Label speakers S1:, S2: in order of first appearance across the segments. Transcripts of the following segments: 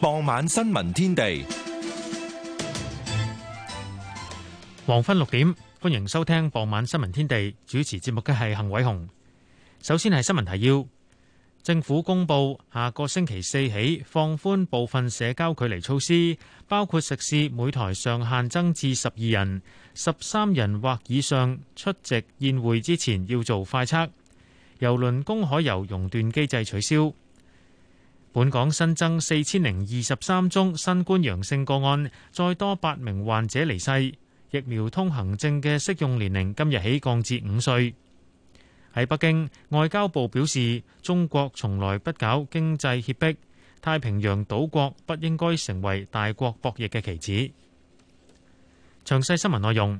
S1: 傍晚新聞
S2: 天地，黃昏六點，歡迎收聽傍晚新聞天地。主持節目嘅係幸偉雄。首先係新聞提要：政府公布下個星期四起放寬部分社交距離措施，包括食肆每台上限增至十二人，十三人或以上出席宴會之前要做快測。郵輪公海遊熔斷機制取消。本港新增四千零二十三宗新冠陽性個案，再多八名患者離世。疫苗通行證嘅適用年齡今日起降至五歲。喺北京，外交部表示，中國從來不搞經濟脅迫，太平洋島國不應該成為大國博弈嘅棋子。詳細新聞內容。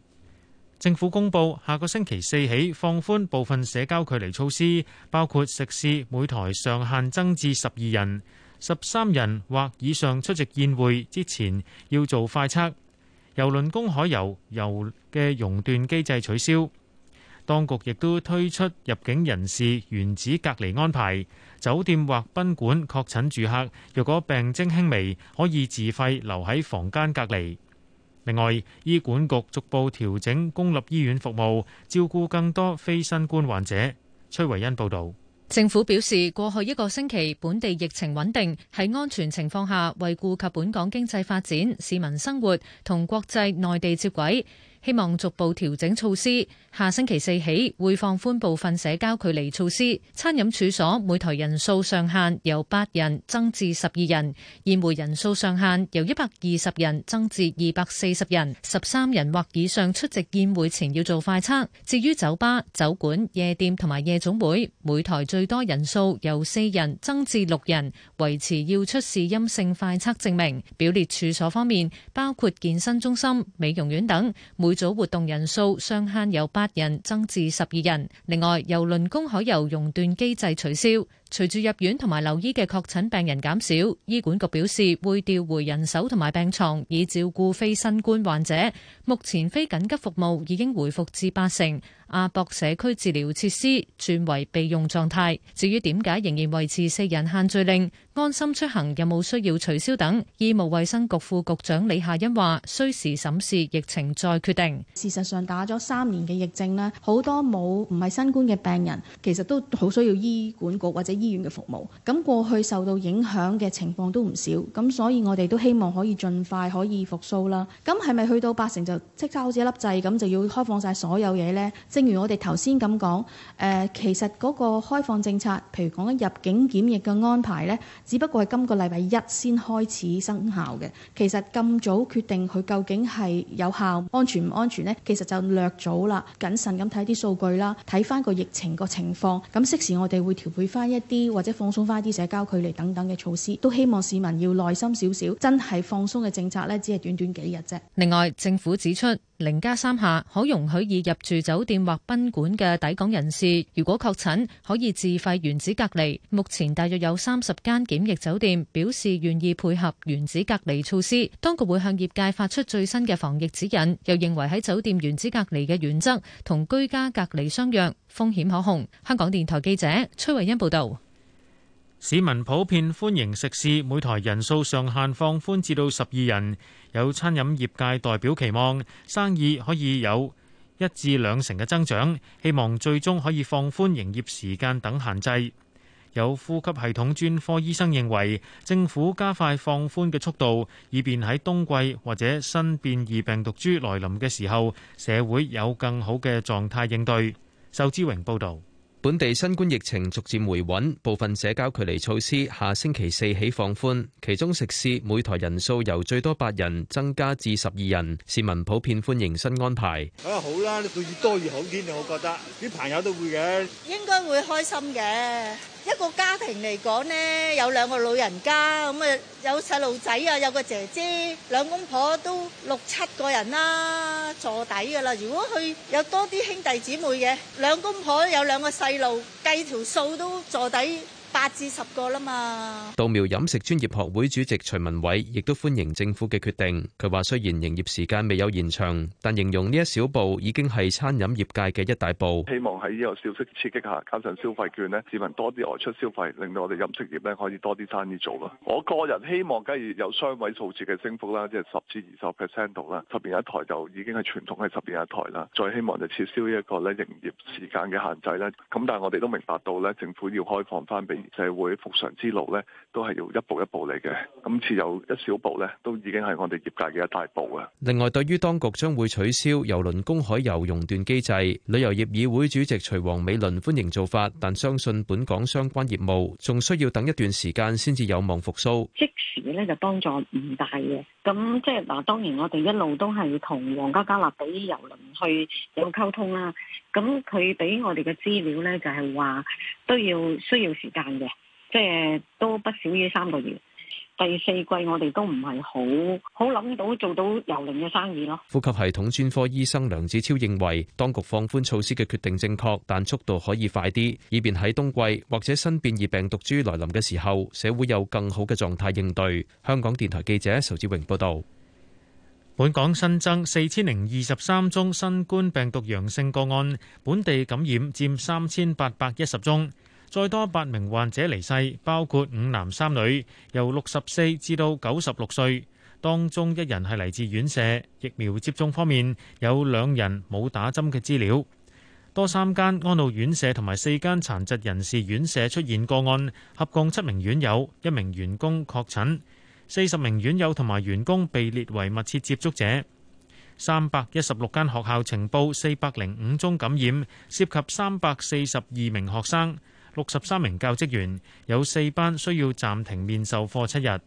S2: 政府公布，下個星期四起放寬部分社交距離措施，包括食肆每台上限增至十二人、十三人或以上出席宴會之前要做快測、郵輪公海遊遊嘅熔斷機制取消。當局亦都推出入境人士原址隔離安排，酒店或賓館確診住客若果病徵輕微，可以自費留喺房間隔離。另外，醫管局逐步調整公立醫院服務，照顧更多非新冠患者。崔維恩報導，
S3: 政府表示，過去一個星期本地疫情穩定，喺安全情況下，為顧及本港經濟發展、市民生活同國際內地接軌。希望逐步調整措施，下星期四起會放寬部分社交距離措施。餐飲處所每台人數上限由八人增至十二人，宴會人數上限由一百二十人增至二百四十人。十三人或以上出席宴會前要做快測。至於酒吧、酒館、夜店同埋夜總會，每台最多人數由四人增至六人，維持要出示陰性快測證明。表列處所方面，包括健身中心、美容院等。每組活動人數上限由八人增至十二人，另外郵輪公海遊熔斷機制取消。隨住入院同埋留醫嘅確診病人減少，醫管局表示會調回人手同埋病床，以照顧非新冠患者。目前非緊急服務已經回復至八成。亞博社區治療設施轉為備用狀態，至於點解仍然維持四人限聚令，安心出行有冇需要取消等，醫務衛生局副，副局長李夏欣話需時審視疫情再決定。事實上打咗
S4: 三年嘅疫症咧，好多冇唔係新冠嘅病人，其實都好需要醫管局或者。醫院嘅服務，咁過去受到影響嘅情況都唔少，咁所以我哋都希望可以盡快可以復甦啦。咁係咪去到八成就即刻好似一粒掣咁就要開放晒所有嘢呢？正如我哋頭先咁講，誒、呃、其實嗰個開放政策，譬如講緊入境檢疫嘅安排呢，只不過係今個禮拜一先開始生效嘅。其實咁早決定佢究竟係有效、安全唔安全呢？其實就略早啦。謹慎咁睇啲數據啦，睇翻個疫情個情況，咁適時我哋會調配翻一。或者放鬆翻啲社交距離等等嘅措施，都希望市民要耐心少少，真係放鬆嘅政策咧，只係短短幾日啫。
S3: 另外，政府指出。零加三下可容許已入住酒店或賓館嘅抵港人士，如果確診，可以自費原址隔離。目前大約有三十間檢疫酒店表示願意配合原址隔離措施。當局會向業界發出最新嘅防疫指引，又認為喺酒店原址隔離嘅原則同居家隔離相若，風險可控。香港電台記者崔慧欣報道。
S2: 市民普遍歡迎食肆每枱人數上限放寬至到十二人，有餐飲業界代表期望生意可以有一至兩成嘅增長，希望最終可以放寬營業時間等限制。有呼吸系統專科醫生認為，政府加快放寬嘅速度，以便喺冬季或者新變異病毒株來臨嘅時候，社會有
S5: 更好嘅狀態應對。仇志榮報導。本地新冠疫情逐漸回穩，部分社交距離措施下星期四起放寬，其中食肆每台人數由最多八人增加至十二人。市民普遍歡迎新安排。
S4: 啊，
S2: 好啦，你越多越好添，我覺得啲朋友都會嘅，
S4: 應該會開心嘅。一個家庭嚟講咧，有兩個老人家咁啊，有細路仔啊，有個姐姐，兩公婆都六七個人啦，坐底㗎啦。如果佢有多啲兄弟姊妹嘅，兩公婆有兩個細路，計條數都坐底。
S6: 八至十個啦嘛。
S5: 稻苗飲食專業學會主席徐文偉亦都歡迎政府嘅決定。佢話雖然營業時間未有延長，但形容呢一小步已經係餐飲業界嘅一大步。
S7: 希望喺呢個消息刺激下，加上消費券咧，市民多啲外出消費令到我哋飲食業咧可以多啲生意做咯。我個人希望，假如有雙位數字嘅升幅啦，即係十至二十 percent 度啦，十連一台就已經係傳統嘅十連一台啦。再希望就撤銷呢一個咧營業時間嘅限制啦，咁但係我哋都明白到咧，政府要開放翻俾，社會復常之路咧，都係要一步一步嚟嘅。今次有一小步咧，都已經係我哋業界嘅一大步啊！
S5: 另外，對於當局將會取消郵輪公海遊熔斷機制，旅遊業議會主席徐黃美麟歡迎做法，但相信本港相關業務仲需要等一段時間先至有望復甦。
S8: 即時咧就幫助唔大嘅，咁即係嗱，當然我哋一路都係同皇家加勒比郵輪去有溝通啦。咁佢俾我哋嘅資料呢，就係話都要需要時間嘅，即係都不少於三個月。第四季我哋都唔係好好諗到做到郵輪嘅生意咯。
S5: 呼吸系統專科醫生梁子超認為，當局放寬措施嘅決定正確，但速度可以快啲，以便喺冬季或者新變異病毒株來臨嘅時候，社會有更好嘅狀態應對。香港電台記者仇志榮報導。本港新增四千零二十三宗新冠病毒
S2: 陽性個案，本地感染佔三千八百一十宗。再多八名患者離世，包括五男三女，由六十四至到九十六歲，當中一人係嚟自院舍。疫苗接種方面，有兩人冇打針嘅資料。多三間安老院舍同埋四間殘疾人士院舍出現個案，合共七名院友、一名員工確診。四十名院友同埋員工被列為密切接觸者，三百一十六間學校呈報四百零五宗感染，涉及三百四十二名學生、六十三名教職員，有四班需要暫停面授課七日。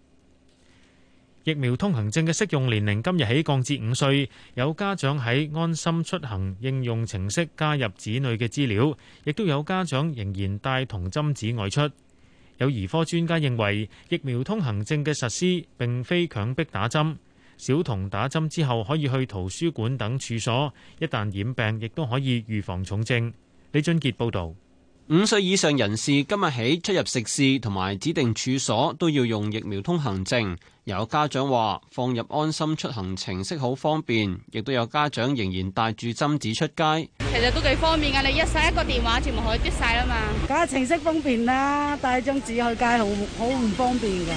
S2: 疫苗通行證嘅適用年齡今日起降至五歲，有家長喺安心出行應用程式加入子女嘅資料，亦都有家長仍然帶同針紙外出。有兒科專家認為，疫苗通行證嘅實施並非強迫打針。小童打針之後可以去圖書館等處所，一旦染病亦都可以預防重症。李俊傑報導。五歲以上人士今日起
S9: 出入食肆同埋指定處所都要用疫苗通行證。有家長話放入安心出行程式好方便，亦都有家長仍然帶住針紙出街。
S4: 其實都幾方便噶，你一晒一個電話全部可以逼晒啦嘛。梗係程式方便啦，帶張紙去街好好唔方便噶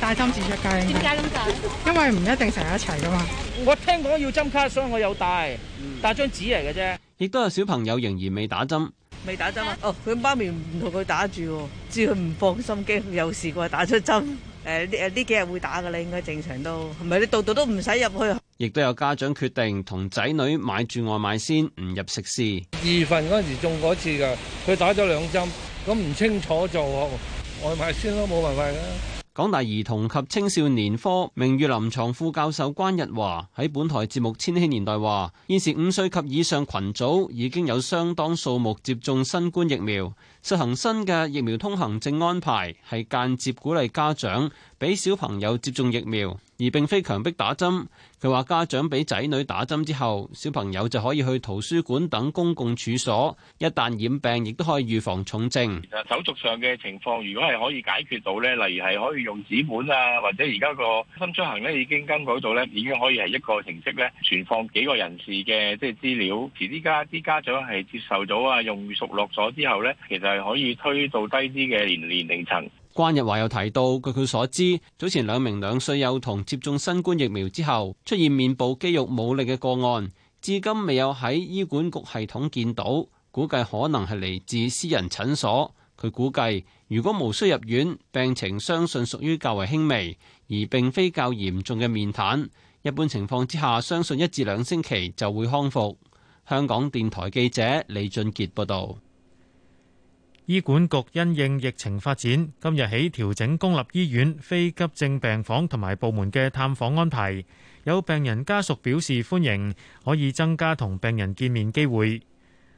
S10: 帶針紙出街點解咁噶因為唔一定成日一齊噶嘛。我聽講要針卡，所以我有帶，帶張紙嚟嘅啫。
S9: 亦都有小朋友仍然未打針。
S10: 未打針啊！哦，佢媽咪唔同佢打住喎、啊，
S8: 知佢唔放心，驚有事啩，打出針。誒、呃、誒，呢幾日會打㗎啦，應該正常都。
S10: 唔係，你度度都唔使入去、啊。
S9: 亦都有家長決定同仔女買住外賣先，唔入食肆。
S7: 二
S10: 月份嗰陣時中過一次㗎，
S7: 佢打咗兩針，咁唔清楚就外賣先咯，冇辦法。㗎。
S9: 港大兒童及青少年科名譽臨床副教授關日華喺本台節目《千禧年代》話：現時五歲及以上群組已經有相當數目接種新冠疫苗，實行新嘅疫苗通行證安排，係間接鼓勵家長俾小朋友接種疫苗。而並非強迫打針。佢話：家長俾仔女打針之後，小朋友就可以去圖書館等公共處所。一旦染病，亦都可以預防重症。其
S1: 實手續上嘅情況，如果係可以解決到咧，例如係可以用紙本啊，或者而家個新出行咧已經更改到咧，已經可以係一個程式咧存放幾個人士嘅即係資料。遲啲家啲家長係接受咗啊，用熟落咗之後咧，其實係可以推到低啲嘅年年齡層。
S9: 關日華又提到，據佢所知，早前兩名兩歲幼童接種新冠疫苗之後，出現面部肌肉冇力嘅個案，至今未有喺醫管局系統見到，估計可能係嚟自私人診所。佢估計，如果無需入院，病情相信屬於較為輕微，而並非較嚴重嘅面癱。一般情況之下，相信一至兩星期就會康復。香港
S2: 電台記者李俊杰報道。醫管局因應疫情發展，今日起調整公立醫院非急症病房同埋部門嘅探訪安排。有病人家屬表示歡迎，可以增加同病人見面機會。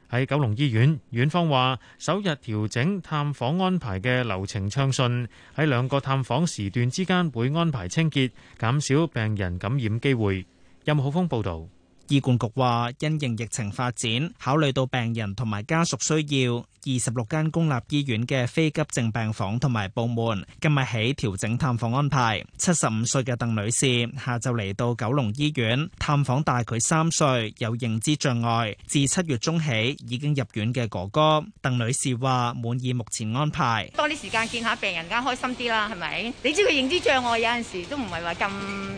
S2: 喺九龍醫院，院方話首日調整探訪安排嘅流程暢順，喺兩個探訪時段之間會安排清潔，減少
S11: 病人感染機會。任浩峰報道。醫管局話，因應疫情發展，考慮到病人同埋家屬需要，二十六間公立醫院嘅非急症病房同埋部門，今日起調整探訪安排。七十五歲嘅鄧女士下晝嚟到九龍醫院探訪大佢三歲有認知障礙，自七月中起已經入院嘅哥哥。鄧女士話滿意目前安排，多
S4: 啲時間見下病人，梗開心啲啦，係咪？你知佢認知障礙，有陣時都唔係話咁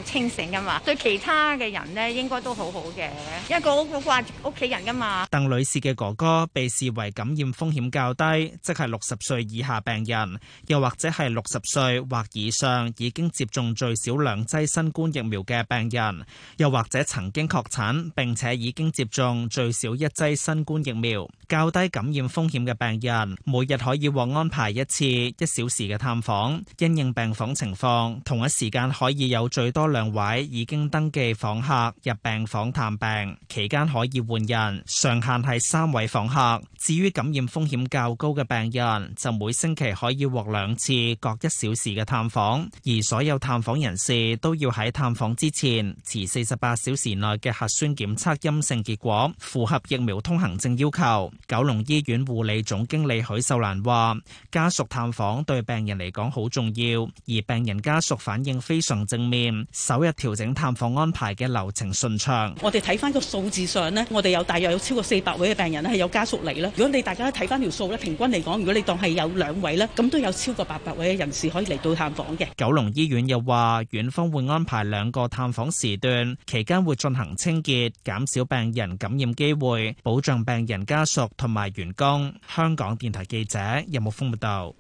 S4: 清醒噶嘛，對其他嘅人呢，應該都好好。嘅一個屋企掛住屋企人噶嘛？
S11: 鄧女士嘅哥哥被視為感染風險較低，即係六十歲以下病人，又或者係六十歲或以上已經接種最少兩劑新冠疫苗嘅病人，又或者曾經確診並且已經接種最少一劑新冠疫苗，較低感染風險嘅病人，每日可以獲安排一次一小時嘅探訪，因應病房情況同一時間可以有最多兩位已經登記訪客入病房探。病期間可以換人，上限係三位訪客。至於感染風險較高嘅病人，就每星期可以獲兩次各一小時嘅探訪。而所有探訪人士都要喺探訪之前持四十八小時內嘅核酸檢測陰性結果，符合疫苗通行證要求。九龍醫院護理總經理許秀蘭話，家屬探訪對病人嚟講好重要，而病人家屬反應非常正面。首日調整探訪安排嘅流程順暢。
S12: 睇翻個數字上呢，我哋有大約有超過四百位嘅病人呢，係有家屬嚟啦。如果你大家睇翻條數咧，平均嚟講，如果你當係有兩位呢，咁都有超過八百位嘅人士可以嚟到探訪嘅。
S11: 九龍醫院又話，院方會安排兩個探訪時段，期間會進行清潔，減少病人感染機會，保障病人家屬同埋員工。香港電台記者任木峰報道。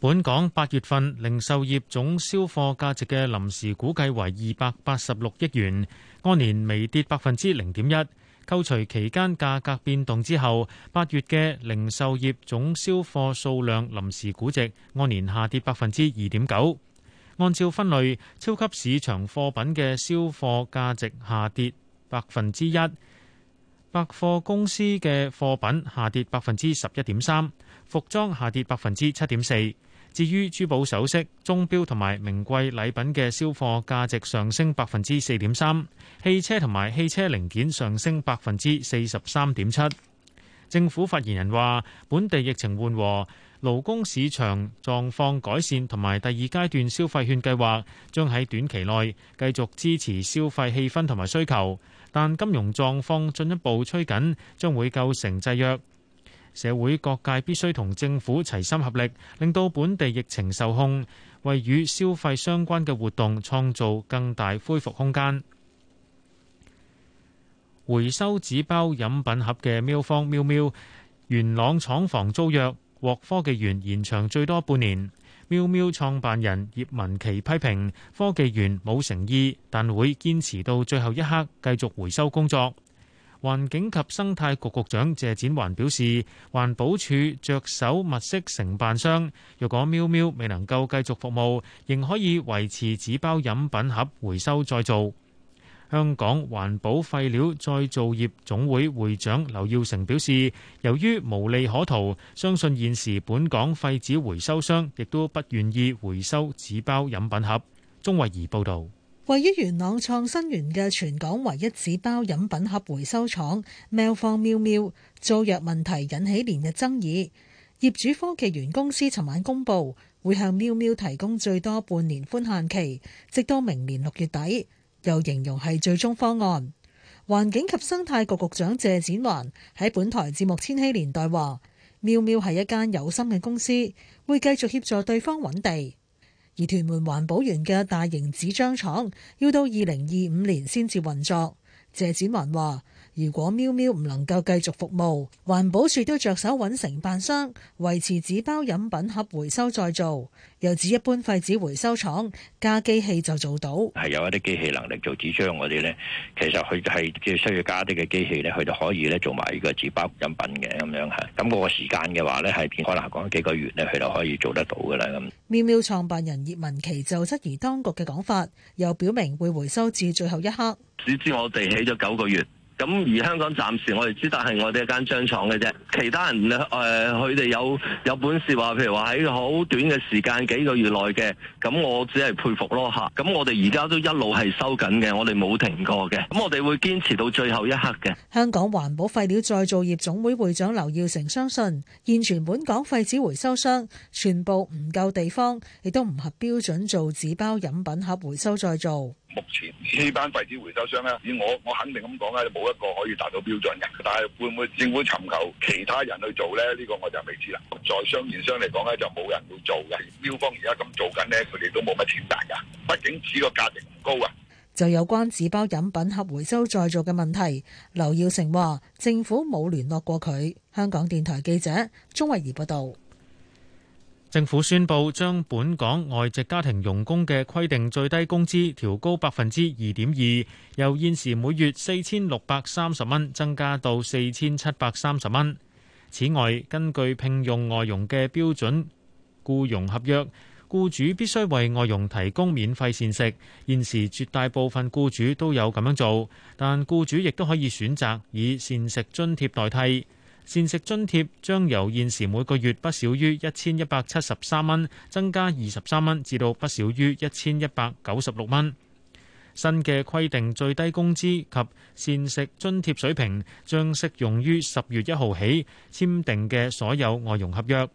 S2: 本港八月份零售業總銷貨價值嘅臨時估計為二百八十六億元。按年微跌百分之零點一，扣除期間價格變動之後，八月嘅零售業總銷貨數量臨時估值按年下跌百分之二點九。按照分類，超級市場貨品嘅銷貨價值下跌百分之一，百貨公司嘅貨品下跌百分之十一點三，服裝下跌百分之七點四。至於珠寶首飾、鐘錶同埋名貴禮品嘅銷貨價值上升百分之四點三，汽車同埋汽車零件上升百分之四十三點七。政府發言人話：本地疫情緩和，勞工市場狀況改善同埋第二階段消費券計劃，將喺短期內繼續支持消費氣氛同埋需求，但金融狀況進一步趨緊，將會構成制約。社會各界必須同政府齊心合力，令到本地疫情受控，為與消費相關嘅活動創造更大恢復空間。回收紙包飲品盒嘅喵坊喵喵，元朗廠房租約獲科技園延長最多半年。喵喵創辦人葉文琪批評科技園冇誠意，但會堅持到最後一刻繼續回收工作。環境及生態局局長謝展環表示，環保署着手物色承辦商。若果喵喵未能夠繼續服務，仍可以維持紙包飲品盒回收再造。香港環保廢料再造業總會會，會長劉耀成表示，由於無利可圖，相信現時本港廢紙回收商亦都不願意回收紙包飲品盒。鍾慧儀報導。
S8: 位於元朗創新園嘅全港唯一紙包飲品盒回收廠喵坊 Mil Mill 租約問題引起連日爭議，業主科技元公司尋晚公布會向 Mil Mill 提供最多半年寬限期，直到明年六月底，又形容係最終方案。環境及生態局局長謝展寰喺本台節目《千禧年代》話：Mil Mill 係一間有心嘅公司，會繼續協助對方揾地。而屯門環保園嘅大型紙張廠要到二零二五年先至運作，謝展文話。如果喵喵唔能夠繼續服務，環保署都着手揾承辦商維持紙包飲品盒回收再造，又指一般廢紙回收廠加機器就做到。
S11: 係有一啲機器能力做紙張嗰啲咧，其實佢係即係需要加啲嘅機器咧，佢就可以咧做埋呢個紙包飲品嘅咁樣嚇。咁、那、嗰個時間嘅話咧，係可能講幾個月咧，佢就可以
S1: 做得到噶啦咁。
S8: 喵喵創辦人葉文琪就質疑當局嘅講法，又表明會回收至最後一刻。
S7: 只知我哋起咗九個月。咁而香港暫時我哋知，但係我哋一間張廠嘅啫。其他人誒，佢、呃、哋有有本事話，譬如話喺好短嘅時間幾個月內嘅，咁我只係佩服咯嚇。咁我哋而家都一路
S9: 係收緊嘅，我哋冇停過嘅。咁我哋會堅持到最後一刻嘅。
S8: 香港環保廢料再造業總會會,會長劉耀成相信，現存本港廢紙回收商全部唔夠地方，亦都唔合標準做紙包飲品盒回收再造。
S7: 目前呢班廢紙回收商咧，以我我肯定咁講咧，冇一個可以達到標準嘅。但係會唔會政府尋求其他人去做咧？呢個我就未知啦。在商言商嚟講咧，就冇人會做嘅。標方而家咁做緊呢，佢哋都冇乜錢賺噶，畢竟紙個價值唔高啊。
S8: 就有關紙包飲品盒回收再造嘅問題，劉耀成話政府冇聯絡過佢。香港電台記者鍾慧儀報道。
S2: 政府宣布將本港外籍家庭傭工嘅規定最低工資調高百分之二點二，由現時每月四千六百三十蚊增加到四千七百三十蚊。此外，根據聘用外傭嘅標準雇傭合約，雇主必須為外傭提供免費膳食。現時絕大部分雇主都有咁樣做，但雇主亦都可以選擇以膳食津貼代替。膳食津貼將由現時每個月不少於一千一百七十三蚊，增加二十三蚊，至到不少於一千一百九十六蚊。新嘅規定最低工資及膳食津貼水平將適用於十月一號起簽訂嘅所有外佣合約。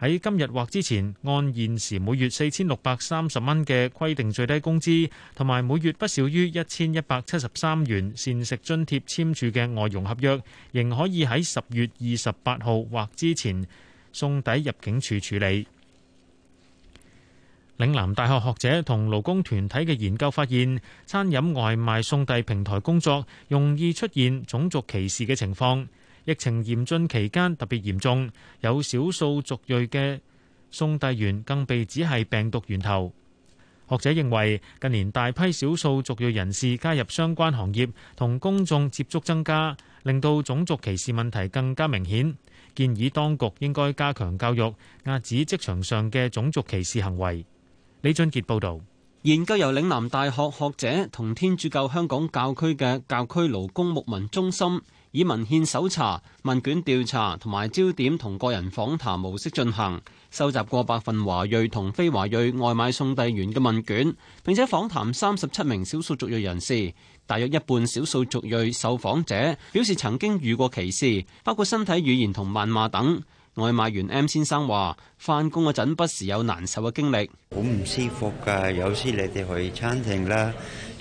S2: 喺今日或之前，按現時每月四千六百三十蚊嘅規定最低工資，同埋每月不少於一千一百七十三元膳食津貼簽署嘅外傭合約，仍可以喺十月二十八號或之前送抵入境處處理。嶺南大學學者同勞工團體嘅研究發現，餐飲外賣送遞平台工作容易出現種族歧視嘅情況。疫情嚴峻期間特別嚴重，有少數族裔嘅送遞員更被指係病毒源頭。學者認為近年大批少數族裔人士加入相關行業，同公眾接觸增加，令到種族歧視問題更加明顯，建議當局應該加強教育，遏止職場上嘅種族歧視行為。李俊傑報道。研究由嶺南大學學
S9: 者同天主教香港教區嘅教區勞工牧民中心以文獻搜查、問卷調查同埋焦點同個人訪談模式進行，收集過百份華裔同非華裔外賣送遞員嘅問卷，並且訪談三十七名少數族裔人士，大約一半少數族裔受訪者表示曾經遇過歧視，包括身體語言同謾罵等。外賣員 M 先生話：翻工嗰陣不時有難受嘅經歷，好唔舒服㗎，有時你哋去餐廳啦，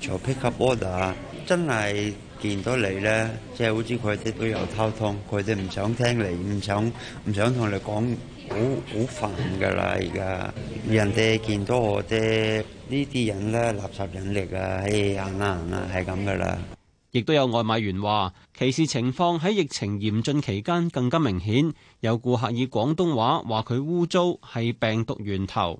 S9: 做 pick up order。真係見到你呢，即係好似佢哋都有溝通，佢哋唔想聽你，唔想唔想同你講，好好煩噶啦！而家人哋見到我哋呢啲人咧，垃圾人嚟噶，
S1: 唉，行啦行啦，係咁噶啦。
S9: 亦都有外賣員話，歧視情況喺疫情嚴峻期間更加明顯，有顧客以廣東話話佢污糟係病毒源頭。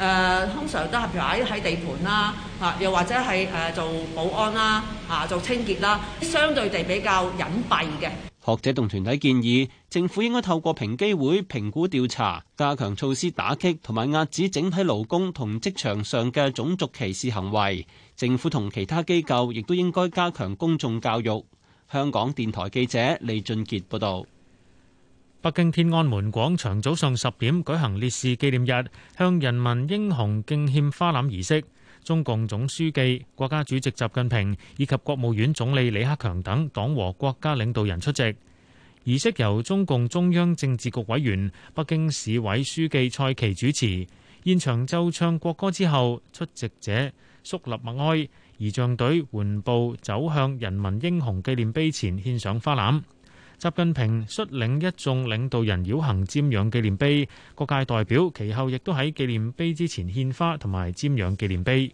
S7: 誒通常都係譬如喺地盤啦，嚇又或者係誒做保安啦，嚇做清潔啦，相對地比較隱蔽嘅。
S9: 學者同團體建議政府應該透過平機會評估調查，加強措施打擊同埋壓止整體勞工同職場上嘅種族歧視行為。政府同其他機構亦都應該加強公眾教育。香港電台記者李
S2: 俊傑報道。北京天安門廣場早上十點舉行烈士紀念日向人民英雄敬獻花籃儀式，中共總書記、國家主席習近平以及國務院總理李克強等黨和國家領導人出席。儀式由中共中央政治局委員、北京市委書記蔡奇主持。現場奏唱國歌之後，出席者肅立默哀，儀仗隊緩步走向人民英雄紀念碑前，獻上花籃。習近平率領一眾領導人繞行瞻仰紀念碑，各界代表其後亦都喺紀念碑之前獻花同埋瞻仰紀念碑。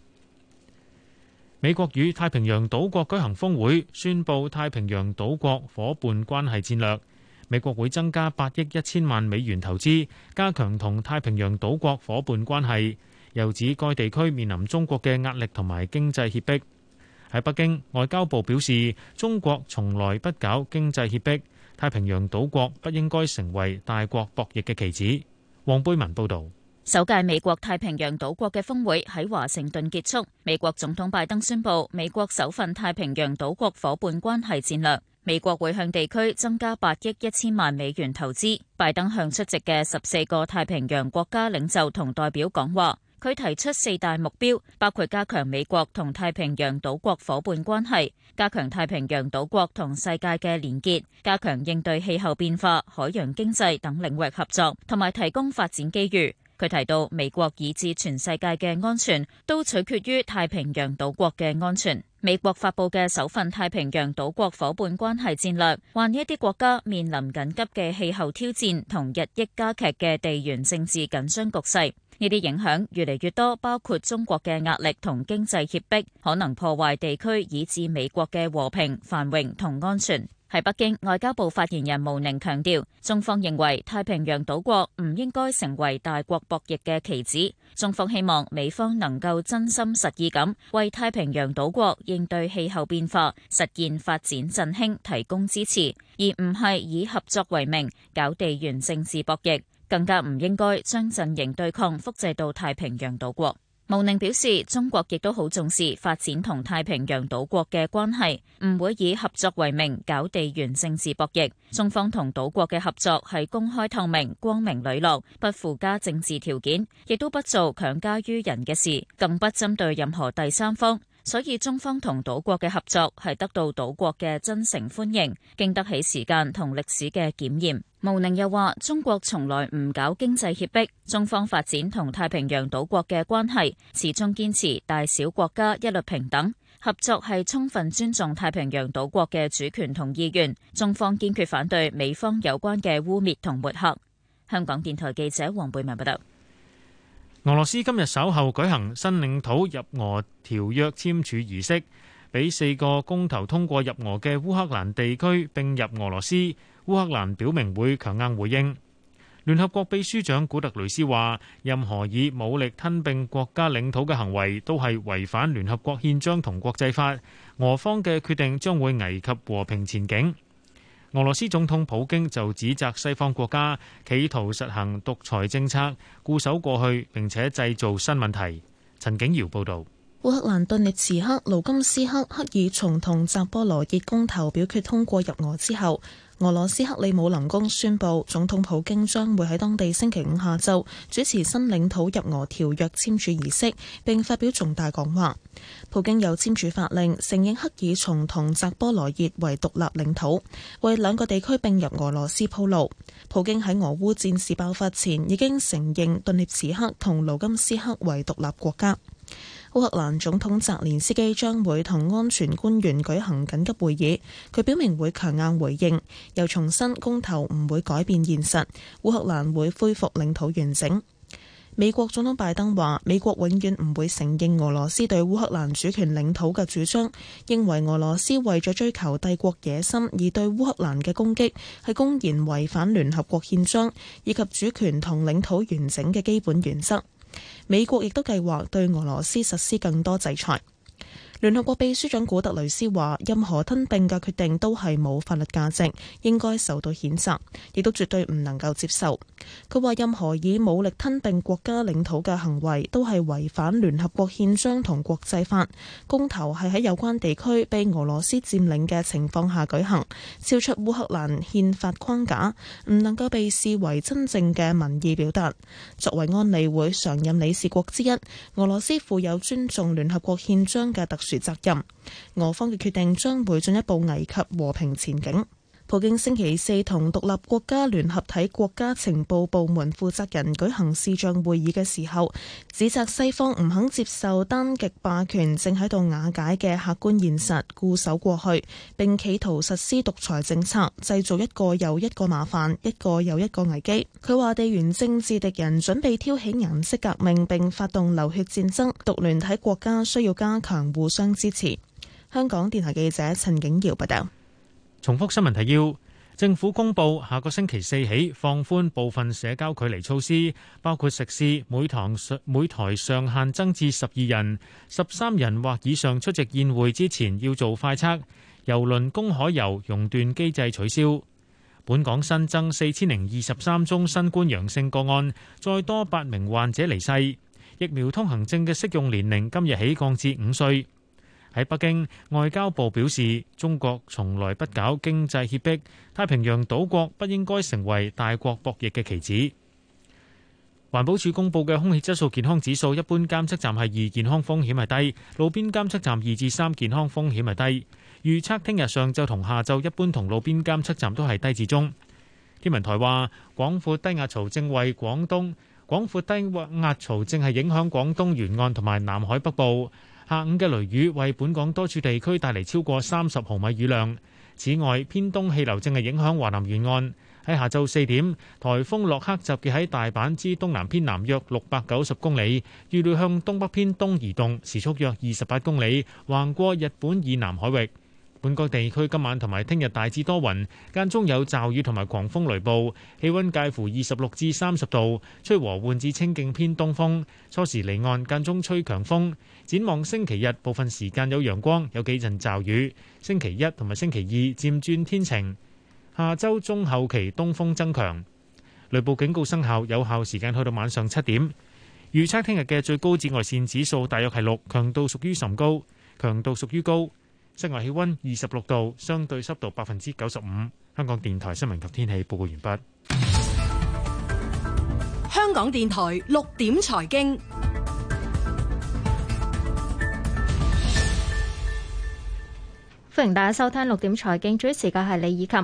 S2: 美國與太平洋島國舉行峰會，宣布太平洋島國夥伴關係戰略。美國會增加八億一千萬美元投資，加強同太平洋島國夥伴關係。又指該地區面臨中國嘅壓力同埋經濟脅迫。喺北京，外交部表示，中國從來不搞經濟脅迫。太平洋島國不應該成為大國博弈嘅棋子。黃貝文報道，
S13: 首屆美國太平洋島國嘅峰會喺華盛頓結束。美國總統拜登宣佈，美國首份太平洋島國夥伴關係戰略，美國會向地區增加八億一千萬美元投資。拜登向出席嘅十四個太平洋國家領袖同代表講話。佢提出四大目標，包括加強美國同太平洋島國夥伴關係，加強太平洋島國同世界嘅連結，加強應對氣候變化、海洋經濟等領域合作，同埋提供發展機遇。佢提到，美國以至全世界嘅安全都取決於太平洋島國嘅安全。美國發布嘅首份太平洋島國伙伴關係戰略，話呢一啲國家面臨緊急嘅氣候挑戰同日益加劇嘅地緣政治緊張局勢。呢啲影響越嚟越多，包括中國嘅壓力同經濟脅迫可能破壞地區以至美國嘅和平繁榮同安全。喺北京，外交部發言人毛寧強調，中方認為太平洋島國唔應該成為大國博弈嘅棋子。中方希望美方能夠真心實意咁為太平洋島國應對氣候變化、實現發展振興提供支持，而唔係以合作為名搞地緣政治博弈，更加唔應該將陣營對抗複製到太平洋島國。毛寧表示，中國亦都好重視發展同太平洋島國嘅關係，唔會以合作為名搞地緣政治博弈。中方同島國嘅合作係公開透明、光明磊落，不附加政治條件，亦都不做強加於人嘅事，更不針對任何第三方。所以，中方同島國嘅合作係得到島國嘅真誠歡迎，經得起時間同歷史嘅檢驗。毛寧又話：中國從來唔搞經濟脅迫，中方發展同太平洋島國嘅關係，始終堅持大小國家一律平等，合作係充分尊重太平洋島國嘅主權同意願。中方堅決反對美方有關嘅污蔑同抹黑。香港電台記者黃貝文報道。
S2: 俄羅斯今日稍後舉行新領土入俄條約簽署儀式，俾四個公投通過入俄嘅烏克蘭地區併入俄羅斯。烏克蘭表明會強硬回應。聯合國秘書長古特雷斯話，任何以武力吞併國家領土嘅行為都係違反聯合國憲章同國際法。俄方嘅決定將會危及和平前景。俄羅斯總統普京就指責西方國家企圖實行獨裁政策，固守過去，並且製造新問題。陳景堯報道。
S12: 烏克蘭頓涅茨克、盧金斯克、克爾松同扎波羅熱公投表決通過入俄之後。俄羅斯克里姆林宮宣布，總統普京將會喺當地星期五下晝主持新領土入俄條約簽署儀式，並發表重大講話。普京有簽署法令，承認克爾松同澤波羅熱為獨立領土，為兩個地區併入俄羅斯鋪路。普京喺俄烏戰事爆發前已經承認頓涅茨克同盧甘斯克為獨立國家。烏克蘭總統澤連斯基將會同安全官員舉行緊急會議，佢表明會強硬回應，又重申公投唔會改變現實，烏克蘭會恢復領土完整。美國總統拜登話：美國永遠唔會承認俄羅斯對烏克蘭主權領土嘅主張，認為俄羅斯為咗追求帝國野心而對烏克蘭嘅攻擊，係公然違反聯合國憲章以及主權同領土完整嘅基本原則。美國亦都計劃對俄羅斯實施更多制裁。聯合國秘書長古特雷斯話：任何吞併嘅決定都係冇法律價值，應該受到譴責，亦都絕對唔能夠接受。佢話：任何以武力吞併國家領土嘅行為都係違反聯合國憲章同國際法。公投係喺有關地區被俄羅斯佔領嘅情況下舉行，超出烏克蘭憲法框架，唔能夠被視為真正嘅民意表達。作為安理會常任理事國之一，俄羅斯負有尊重聯合國憲章嘅特殊責任，俄方嘅決定將會進一步危及和平前景。普京星期四同獨立國家聯合體國家情報部門負責人舉行視像會議嘅時候，指責西方唔肯接受單極霸權正喺度瓦解嘅客觀現實，固守過去，並企圖實施獨裁政策，製造一個又一個麻煩，一個又一個危機。佢話地緣政治敵人準備挑起顏色革命，並發動流血戰爭。獨聯體國家需要加強互相支持。香港電台記者陳景堯報道。
S2: 重複新聞提要：政府公布下個星期四起放寬部分社交距離措施，包括食肆每枱每台上限增至十二人、十三人或以上出席宴會之前要做快測、郵輪公海遊熔斷機制取消。本港新增四千零二十三宗新冠陽性個案，再多八名患者離世。疫苗通行證嘅適用年齡今日起降至五歲。喺北京，外交部表示，中國從來不搞經濟脅迫，太平洋島國不應該成為大國博弈嘅棋子。環保署公布嘅空氣質素健康指數一般監測站係二，健康風險係低，路邊監測站二至三，健康風險係低。預測聽日上晝同下晝一般同路邊監測站都係低至中。天文台話，廣闊低壓槽正為廣東廣闊低壓槽正係影響廣東沿岸同埋南海北部。下午嘅雷雨為本港多處地區帶嚟超過三十毫米雨量。此外，偏東氣流正係影響華南沿岸。喺下晝四點，台風洛克集結喺大阪之東南偏南約六百九十公里，預料向東北偏東移動，時速約二十八公里，橫過日本以南海域。本港地區今晚同埋聽日大致多雲，間中有驟雨同埋狂風雷暴，氣溫介乎二十六至三十度，吹和緩至清勁偏東風，初時離岸，間中吹強風。展望星期日，部分時間有陽光，有幾陣驟雨。星期一同埋星期二漸轉天晴。下周中後期東風增強，雷暴警告生效，有效時間去到，到晚上七點。預測聽日嘅最高紫外線指數大約係六，強度屬於甚高，強度屬於高。室外氣溫二十六度，相對濕度百分之九十五。香港電台新聞及天氣報告完畢。
S4: 香港電台六
S6: 點財經，歡迎大家收聽六點財經，主持嘅係李以琴。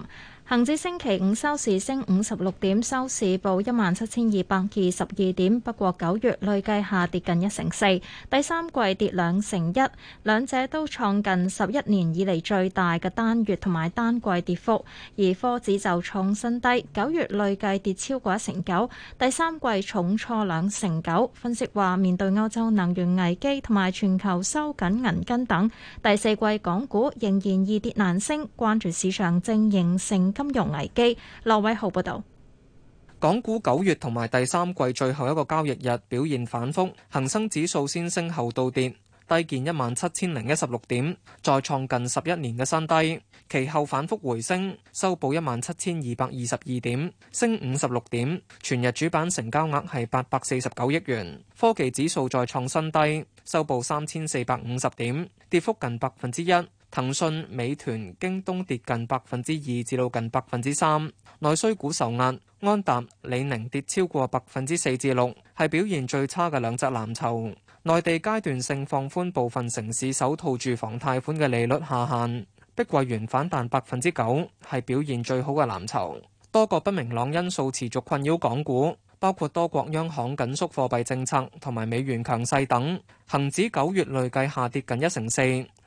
S6: 恒指星期五收市升五十六點，收市報一萬七千二百二十二點。不過九月累計下跌近一成四，第三季跌兩成一，兩者都創近十一年以嚟最大嘅單月同埋單季跌幅。而科指就創新低，九月累計跌超過一成九，第三季重挫兩成九。9, 分析話，面對歐洲能源危機同埋全球收緊銀根等，第四季港股仍然易跌難升，關注市場正營性。金融危機，羅偉豪報導。
S10: 港股九月同埋第三季最後一個交易日表現反覆，恒生指數先升後倒跌，低見一萬七千零一十六點，再創近十一年嘅新低。其後反覆回升，收報一萬七千二百二十二點，升五十六點。全日主板成交額係八百四十九億元。科技指數再創新低，收報三千四百五十點，跌幅近百分之一。騰訊、美團、京東跌近百分之二至到近百分之三，內需股受壓，安踏、李寧跌超過百分之四至六，係表現最差嘅兩隻藍籌。內地階段性放寬部分城市首套住房貸款嘅利率下限，碧桂園反彈百分之九，係表現最好嘅藍籌。多個不明朗因素持續困擾港股，包括多國央行緊縮貨幣政策同埋美元強勢等，恒指九月累計下跌近一成四。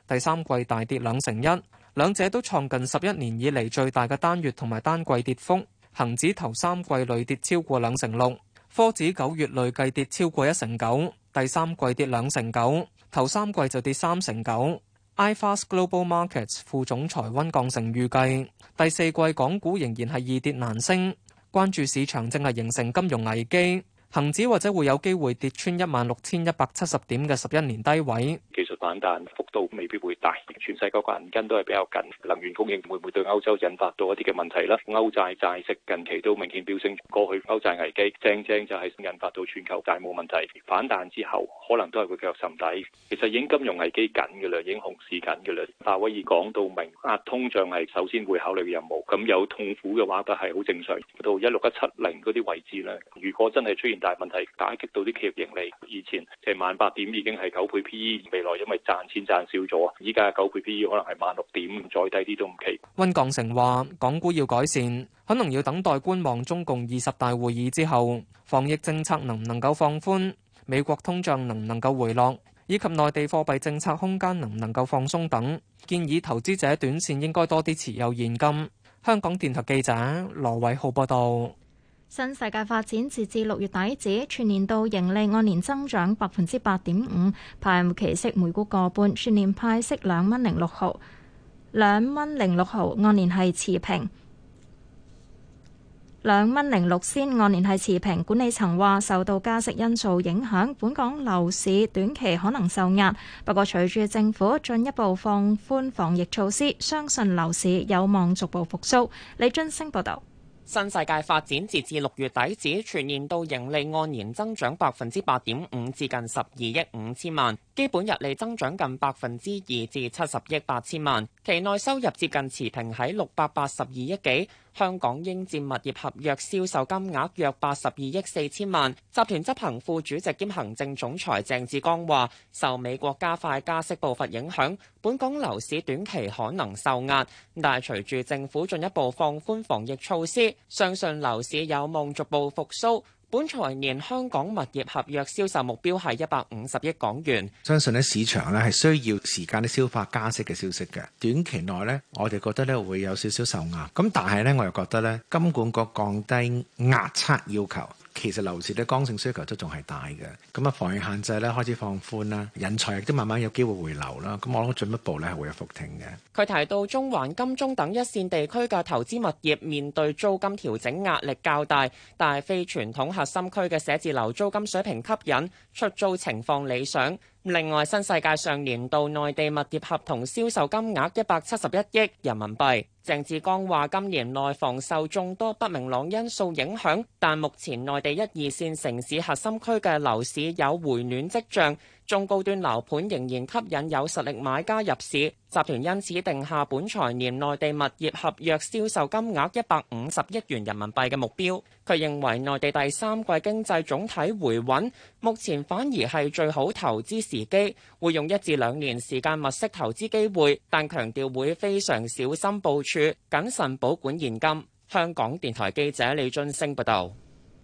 S10: 第三季大跌兩成一，兩者都創近十一年以嚟最大嘅單月同埋單季跌幅。恒指頭三季累跌超過兩成六，科指九月累計跌超過一成九，第三季跌兩成九，頭三季就跌三成九。iFAST Global Markets 副總裁温鋼成預計，第四季港股仍然係易跌難升，關注市場正係形成金融危機。恒指或者會有機會跌穿一萬六千一百七十點嘅十一年低位。
S1: 技術反彈幅度未必會大，全世界銀根都係比較緊，能源供應會唔會對歐洲引發到一啲嘅問題啦？歐債債息近期都明顯飆升，過去歐債危機正正就係引發到全球債務問題。反彈之後可能都係會繼續沉底。其實已經金融危機緊嘅啦，已經熊市緊嘅啦。法威爾講到明，壓通脹係首先會考慮嘅任務。咁有痛苦嘅話，都係好正常。到一六一七零嗰啲位置咧，如果真係出現。大問題，打擊到啲企業盈利。以前即萬八點已經係九倍 P E，未來因為賺錢賺少咗，依家九倍 P E 可能係萬六點，再低啲都唔奇。
S10: 温鋼成話：港股要改善，可能要等待觀望中共二十大會議之後，防疫政策能唔能夠放寬，美國通脹能唔能夠回落，以及內地貨幣政策空間能唔能夠放鬆等。建議投資者短線應該多啲持有現金。香港電台記者羅偉浩報道。
S6: 新世界發展截至六月底止，全年度盈利按年增長百分之八點五，派末期息每股個半，全年派息兩蚊零六毫，兩蚊零六毫按年係持平，兩蚊零六仙按年係持平。管理層話受到加息因素影響，本港樓市短期可能受壓，不過隨住政府進一步放寬防疫措施，相信樓市有望逐步復甦。李俊升報道。
S7: 新世界發展截至六月底止，全年度盈利按年增長百分之八點五，至近十二億五千萬。基本日利增長近百分之二至七十億八千萬，期內收入接近持停喺六百八十二億幾。香港應佔物業合約銷售金額約八十二億四千萬。集團執行副主席兼行政總裁鄭志剛話：受美國加快加息步伐影響，本港樓市短期可能受壓，但係隨住政府進一步放寬防疫措施，相信樓市有望逐步復甦。本財年香港物業合約銷售目標係一百五十億港元。
S11: 相信咧市場咧係需要時間咧消
S1: 化加息嘅消息嘅。短期內咧，我哋覺得咧會有少少受壓。咁但係咧，我又覺得咧金管局降低壓測要求。其實樓市咧剛性需求都仲係大嘅，咁啊防疫限制咧開始放寬啦，人才亦都慢慢有機會回流啦，咁我諗進一
S5: 步咧會有復興嘅。
S7: 佢提到中環、金鐘等一線地區嘅投資物業面對租金調整壓力較大，但係非傳統核心區嘅寫字樓租金水平吸引，出租情況理想。另外，新世界上年度內地物業合同銷售金額一百七十一億人民幣。鄭志剛話，今年內房受眾多不明朗因素影響，但目前內地一二線城市核心區嘅樓市有回暖跡象。中高端樓盤仍然吸引有實力買家入市，集團因此定下本財年內地物業合約銷售金額一百五十億元人民幣嘅目標，佢認為內地第三季經濟總體回穩，目前反而係最好投資時機，會用一至兩年時間物色投資機會，但強調會非常小心部署，謹慎保管現金。香港電台記者李俊升報道。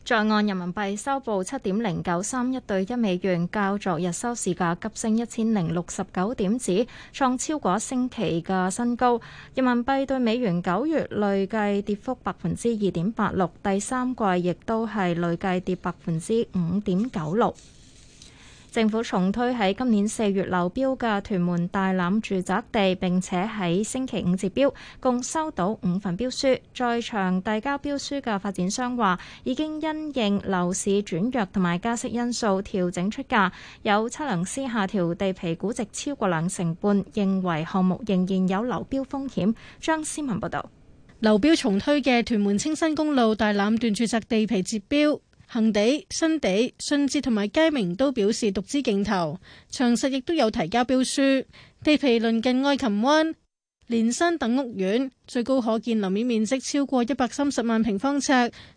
S6: 在岸人民幣收報七點零九三一對一美元，較昨日收市價急升一千零六十九點子，創超過一星期嘅新高。人民幣對美元九月累計跌幅百分之二點八六，第三季亦都係累計跌百分之五點九六。政府重推喺今年四月流標嘅屯門大欖住宅地，並且喺星期五截標，共收到五份標書。在場遞交標書嘅發展商話，已經因應樓市轉弱同埋加息因素調整出價，有測量師下調地皮估值超過兩成半，認為項目仍然有流標風險。張思文報道，流標重推嘅
S4: 屯門青山公路大欖段住宅地皮截標。恒地、新地、信捷同埋佳明都表示獨資競投，長實亦都有提交標書。地皮鄰近愛琴灣。連山等屋苑最高可見樓面面積超過一百三十萬平方尺，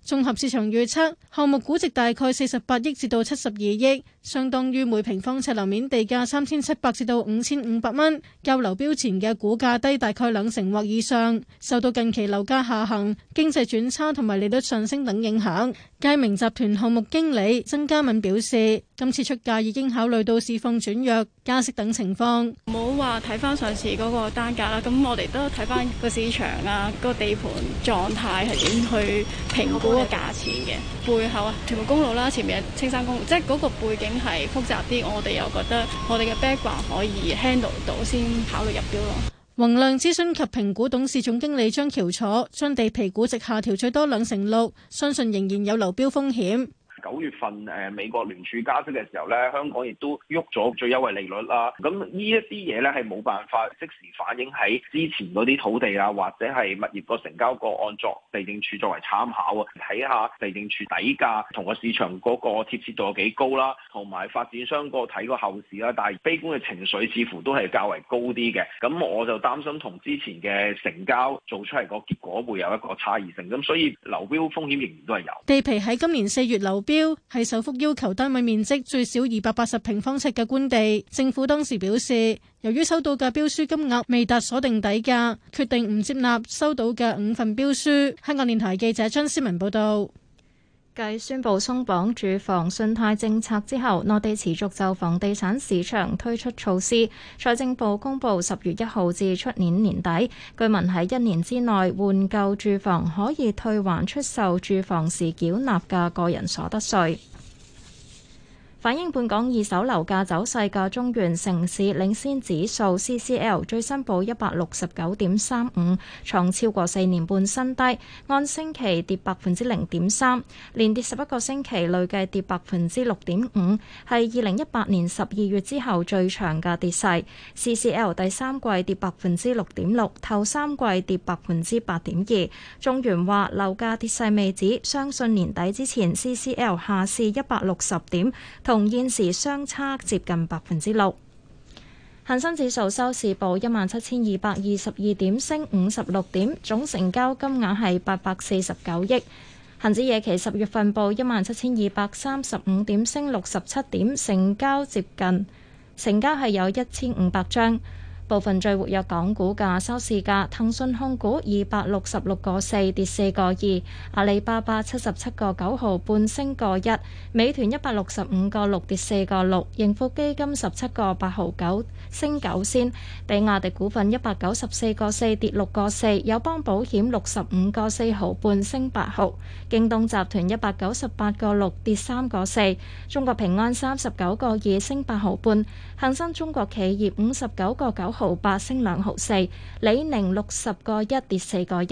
S4: 綜合市場預測，項目估值大概四十八億至到七十二億，相當於每平方尺樓面地價三千七百至到五千五百蚊，較樓標前嘅估價低大概兩成或以上，受到近期樓價下行、經濟轉差同埋利率上升等影響。佳明集團項目經理曾家敏表示，今次出價已經考慮到市況轉弱、加息等情況，唔好話睇翻上次嗰個單價啦。咁我哋都睇翻個市場啊，個地盤狀態係點去評估個價，嗯，價錢嘅。背後啊，屯門公路啦，前面嘅青山公路，即係嗰個背景係複雜啲。我哋又覺得我哋嘅 background 可以 handle 到，先考慮入標咯。宏亮諮詢及評估董，董事總經理張喬楚將地皮估值下調最多兩成六，相信仍然有流標風險。
S5: 九月份誒美國聯儲加息嘅時候咧，香港亦都喐咗最優惠利率啦。咁呢一啲嘢咧，係冇辦法即時反映喺之前嗰啲土地啊，或者係物業個成交個案作地政處作為參考啊，睇下地政處底價同個市場嗰個貼切度幾高啦，同埋發展商個睇個後市啦。但係悲觀嘅情緒似乎都係較為高啲嘅。咁我就擔心同之前嘅成交做出嚟個結果會有一個差異性。咁所以流標風險仍然都係有。
S4: 地皮喺今年四月流標。標係首幅要求單位面積最少二百八十平方尺嘅官地，政府當時表示，由於收到嘅標書金額未達鎖定底價，決定唔接納收到嘅五份標書。香港
S6: 電台記者張思文報道。繼宣布鬆綁住房信貸政策之後，內地持續就房地產市場推出措施。財政部公布十月一號至出年年底，居民喺一年之內換購住房可以退還出售住房時繳納嘅個人所得稅。反映本港二手樓價走勢嘅中原城市領先指數 CCL 最新報一百六十九點三五，創超過四年半新低，按星期跌百分之零點三，連跌十一個星期，累計跌百分之六點五，係二零一八年十二月之後最長嘅跌勢。CCL 第三季跌百分之六點六，頭三季跌百分之八點二。中原話樓價跌勢未止，相信年底之前 CCL 下市一百六十點。同現時相差接近百分之六。恒生指數收市報一萬七千二百二十二點，升五十六點，總成交金額係八百四十九億。恒指夜期十月份報一萬七千二百三十五點，升六十七點，成交接近成交係有一千五百張。部分最活躍港股價收市價：騰訊控股二百六十六個四跌四個二，阿里巴巴七十七個九毫半升個一，美團一百六十五個六跌四個六，盈富基金十七個八毫九升九仙，比亞迪股份一百九十四個四跌六個四，友邦保險六十五個四毫半升八毫，京東集團一百九十八個六跌三個四，中國平安三十九個二升八毫半，恒生中國企業五十九個九毫毫八升兩毫四，李寧六十個一跌四個一，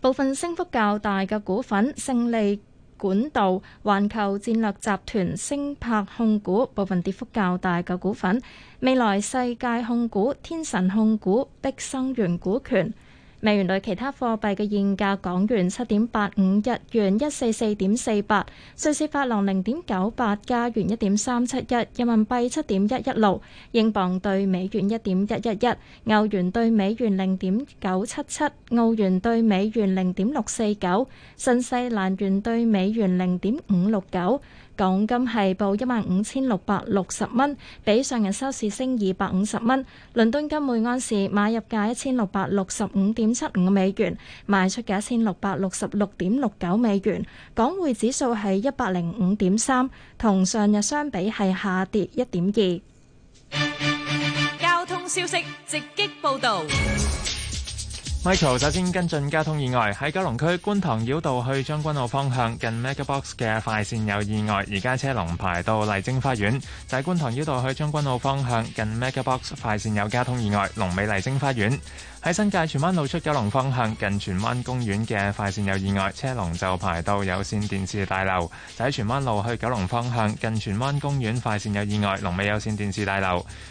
S6: 部分升幅較大嘅股份，勝利管道、環球戰略集團、星柏控股，部分跌幅較大嘅股份，未來世界控股、天神控股、碧生源股權。美元兌其他貨幣嘅現價：港元七點八五，日元一四四點四八，瑞士法郎零點九八，加元一點三七一，人民幣七點一一六，英鎊對美元一點一一一，歐元對美元零點九七七，澳元對美元零點六四九，新西蘭元對美元零點五六九。港金係報一萬五千六百六十蚊，比上日收市升二百五十蚊。倫敦金每安士買入價一千六百六十五點七五美元，賣出嘅一千六百六十六點六九美元。港匯指數係一百零五點三，同上日相比係下跌一點二。
S3: 交通消息直擊報道。
S1: Michael 首先跟進交通意外，喺九龍區觀塘繞道去將軍澳方向近 MegaBox 嘅快綫有意外，而家車龍排到麗晶花園。就喺觀塘繞道去將軍澳方向近 MegaBox 快綫有交通意外，龍尾麗晶花園。喺新界荃灣路出九龍方向近荃灣公園嘅快綫有意外，車龍就排到有綫電視大樓。就喺荃灣路去九龍方向近荃灣公園快綫有意外，龍尾有綫電視大樓。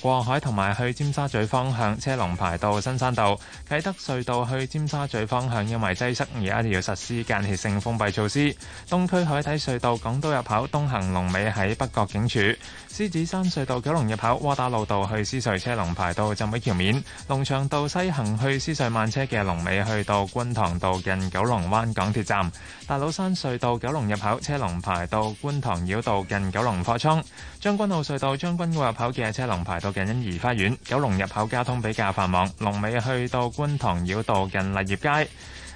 S1: 過海同埋去尖沙咀方向車龍排到新山道，啟德隧道去尖沙咀方向因為擠塞而一定要實施間歇性封閉措施。東區海底隧道港島入口東行龍尾喺北角警署，獅子山隧道九龍入口窩打老道去獅隧車龍排到浸會橋面，龍翔道西行去獅隧慢車嘅龍尾去到觀塘道近九龍灣港鐵站，大老山隧道九龍入口車龍排到觀塘繞道近九龍貨倉。將軍澳隧道將軍澳入口嘅車龍排到近欣怡花園，九龍入口交通比較繁忙，龍尾去到觀塘繞道近麗業街。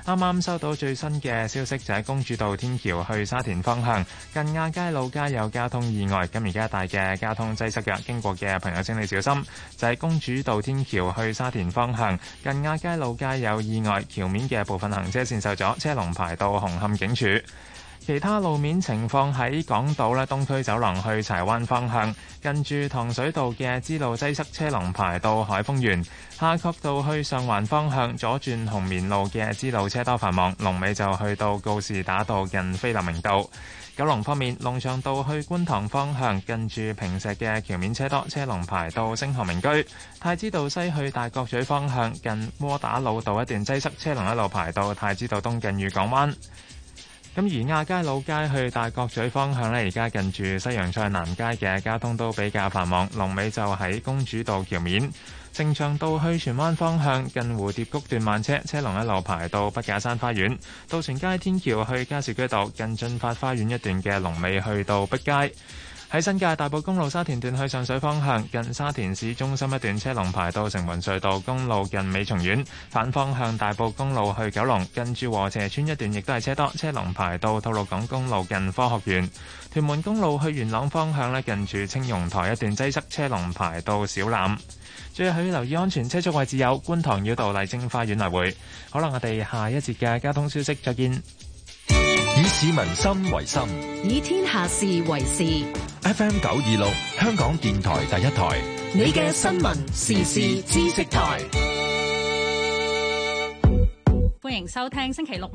S1: 啱啱收到最新嘅消息就喺公主道天橋去沙田方向近亞皆老街有交通意外，咁而家大嘅交通擠塞嘅，經過嘅朋友請你小心。就喺公主道天橋去沙田方向近亞皆老街有意外，橋面嘅部分行車線受阻，車龍排到紅磡警署。其他路面情況喺港島咧，東區走廊去柴灣方向，近住糖水道嘅支路擠塞，車龍排到海峰園。夏慤道去上環方向，左轉紅棉路嘅支路車多繁忙，龍尾就去到告士打道近菲林明道。九龍方面，龍翔道去觀塘方向，近住坪石嘅橋面車多，車龍排到星河明居。太子道西去大角咀方向，近窩打老道一段擠塞，車龍一路排到太子道東近御港灣。咁而亞皆老街去大角咀方向咧，而家近住西洋菜南街嘅交通都比較繁忙。龍尾就喺公主道橋面。呈祥道去荃灣方向，近蝴蝶谷段慢車，車龍一路排到畢架山花園。渡船街天橋去加士居道，近進發花園一段嘅龍尾去到碧街。喺新界大埔公路沙田段去上水方向，近沙田市中心一段車龍排到城門隧道公路近美松苑；反方向大埔公路去九龍，近住禾輋村一段亦都係車多，車龍排到吐露港公路近科學園。屯門公路去元朗方向咧，近住青榕台一段擠塞，車龍排到小欖，最後要留意安全車速位置有觀塘繞道麗晶花園來回。好啦，我哋下一節嘅交通消息再見。以市民心為心，
S3: 以天下事為事。
S5: FM 九二六，香港電台第一台，
S13: 你嘅新聞時事知識台，歡迎收聽星期六。